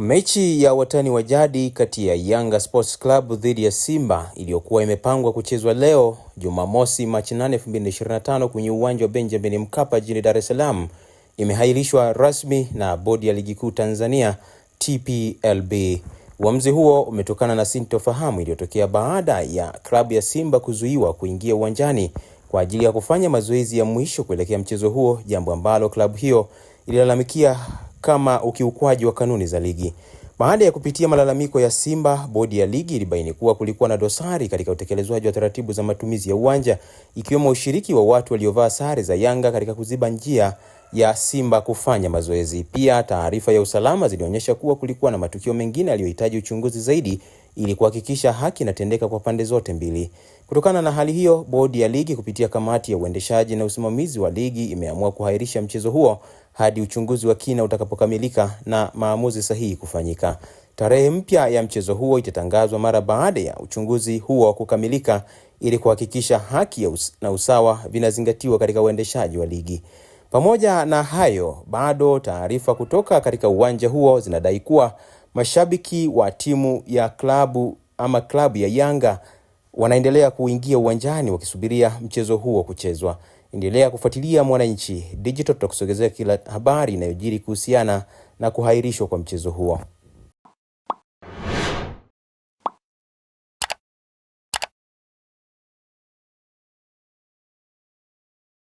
Mechi ya watani wa jadi kati ya Yanga Sports Club dhidi ya Simba iliyokuwa imepangwa kuchezwa leo Jumamosi, Machi 8, 2025 kwenye uwanja wa Benjamin Mkapa jijini Dar es Salaam imehairishwa rasmi na Bodi ya Ligi Kuu Tanzania TPLB. Uamuzi huo umetokana na sintofahamu iliyotokea baada ya klabu ya Simba kuzuiwa kuingia uwanjani kwa ajili ya kufanya mazoezi ya mwisho kuelekea mchezo huo, jambo ambalo klabu hiyo ililalamikia kama ukiukwaji wa kanuni za ligi. Baada ya kupitia malalamiko ya Simba, bodi ya ligi ilibaini kuwa kulikuwa na dosari katika utekelezwaji wa taratibu za matumizi ya uwanja, ikiwemo ushiriki wa watu waliovaa sare za Yanga katika kuziba njia ya Simba kufanya mazoezi. Pia taarifa ya usalama zilionyesha kuwa kulikuwa na matukio mengine yaliyohitaji uchunguzi zaidi ili kuhakikisha haki inatendeka kwa pande zote mbili. Kutokana na hali hiyo, bodi ya ligi kupitia kamati ya uendeshaji na usimamizi wa ligi imeamua kuahirisha mchezo huo hadi uchunguzi wa kina utakapokamilika na maamuzi sahihi kufanyika. Tarehe mpya ya mchezo huo itatangazwa mara baada ya uchunguzi huo kukamilika ili kuhakikisha haki us na usawa vinazingatiwa katika uendeshaji wa ligi. Pamoja na hayo, bado taarifa kutoka katika uwanja huo zinadai kuwa mashabiki wa timu ya klabu ama klabu ya Yanga wanaendelea kuingia uwanjani wakisubiria mchezo huo kuchezwa. Endelea kufuatilia Mwananchi Digital, tutakusogezea kila habari inayojiri kuhusiana na kuhairishwa kwa mchezo huo.